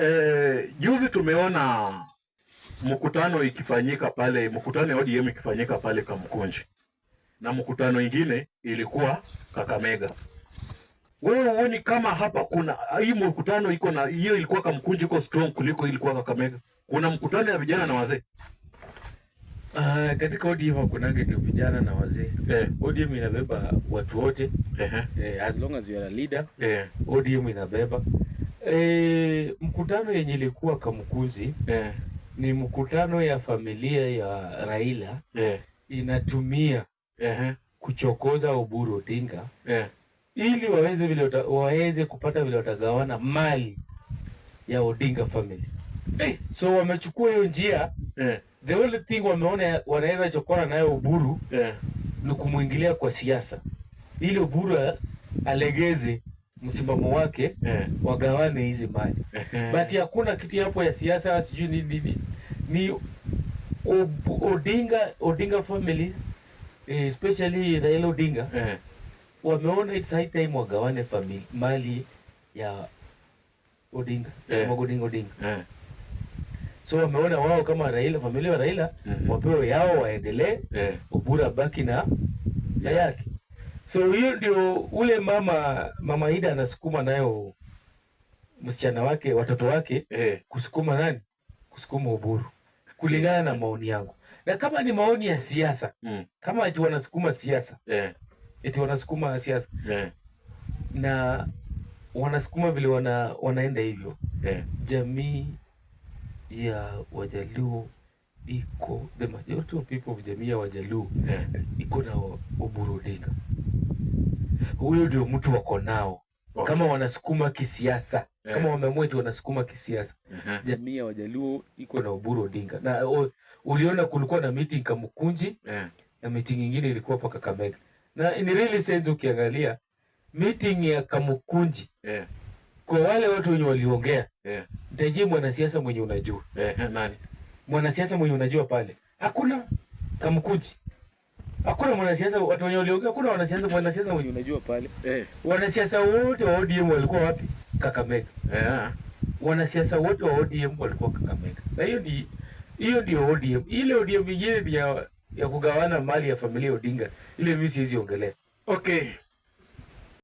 Eh, juzi tumeona mkutano ikifanyika pale, mkutano ya ODM ikifanyika pale Kamkunji na mkutano ingine ilikuwa Kakamega. Wewe uone kama hapa kuna hii mkutano iko na hiyo ilikuwa Kamkunji iko strong kuliko ilikuwa Kakamega? Kuna mkutano ya vijana na wazee Uh, katika ODM kuna kunange vijana na wazee eh. ODM inabeba watu wote uh -huh. Eh, as long as you are a leader eh. ODM inabeba E, mkutano yenye ilikuwa Kamkuzi yeah. Ni mkutano ya familia ya Raila yeah. Inatumia yeah. Kuchokoza Oburu Odinga yeah. Ili waweze vile waweze kupata vile watagawana mali ya Odinga family hey. Eh, so wamechukua hiyo njia yeah. The only thing wameona wanaweza chokora nayo Oburu yeah. Ni kumwingilia kwa siasa ili Oburu alegeze msimamo wake yeah. Wagawane hizi mali yeah. Eh. hakuna kitu hapo ya siasa sijui ni nini, ni Odinga Odinga family eh, especially Raila Odinga yeah. Wameona it's high time wagawane family mali ya Odinga yeah. Odinga Odinga yeah. So wameona wao kama Raila familia wa Raila mm -hmm. Wapewe yao waendelee yeah. Obura baki na yeah. yake So hiyo ndio ule mama mama Ida anasukuma nayo msichana wake watoto wake eh, kusukuma nani, kusukuma uburu kulingana na maoni yangu, na kama ni maoni ya siasa mm. kama eti wanasukuma siasa eh. eti wanasukuma siasa eh. na wanasukuma vile wana, wanaenda hivyo eh. jamii ya Wajaluo iko the majority of people of jamii ya Wajaluo eh. iko na uburu Odinga huyo ndio mtu wako nao okay. Kama wanasukuma kisiasa yeah. Kama wameamua tu wanasukuma kisiasa uh-huh. Jamii ya Wajaluo iko na uburu Odinga na o, uliona kulikuwa na meeting Kamukunji yeah. Na meeting nyingine ilikuwa pa Kakamega na in really sense ukiangalia meeting ya Kamukunji yeah. Kwa wale watu wenye waliongea yeah. Mtajie mwanasiasa mwenye unajua yeah. Nani mwanasiasa mwenye unajua pale hakuna Kamukunji Hakuna mwanasiasa watu wenye waliongea, hakuna wanasiasa mwanasiasa mwenye unajua pale. Eh. Wanasiasa wote wa ODM walikuwa wapi? Kakamega. Yeah. Wanasiasa wote wa ODM walikuwa Kakamega. Na hiyo ni hiyo ndio ODM. Ile ODM nyingine ya ya kugawana mali ya familia Odinga. Ile mimi siwezi ongelea. Okay.